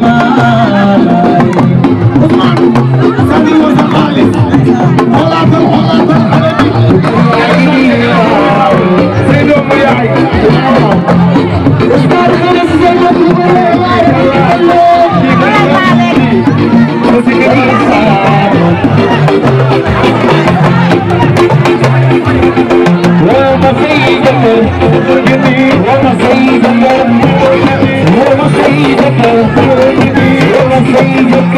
Bye.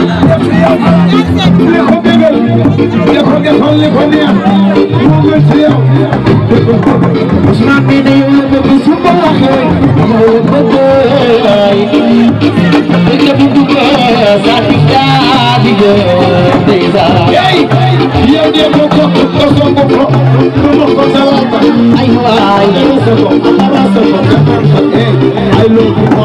li ko bégal li ko defoon li ko neex mu gën ci yow Ousmane bi day wër ba bi su ma waxee ma wër ba doy nga bi dugg sa di daa di dèjà yow de ko ko ko song ko ko ma ko sa wata ay waay yow sa ko ma sa ko ay lo ko ma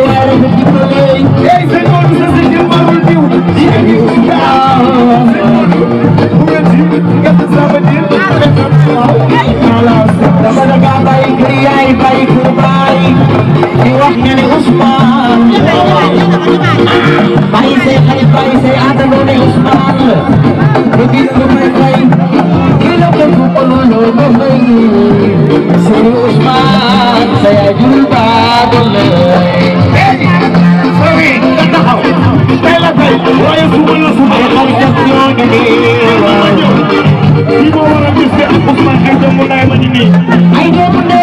baay ku baay di wax nga ne Ousmane baay say xarit baay say àndandoo ne Ousmane lu gis lu may fay kii la ko ku ko looloo ba may sëñ Ousmane sa yaay jur baa doole waaye suba la suba xam jaf ñoo ngi nii waaw ñi ma war a gis de Ousmane ay doomu ndaay ma ngi nii ay doomu ndaay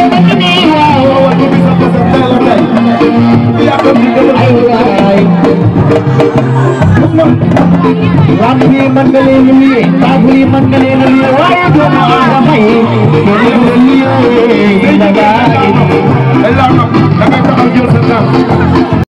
lamb yi mën nga leen a liyee taabu yi mën nga leen a liyee waaye doomu aadama yi mën nga liyee da ngaa da ngay taxaw jël sa temps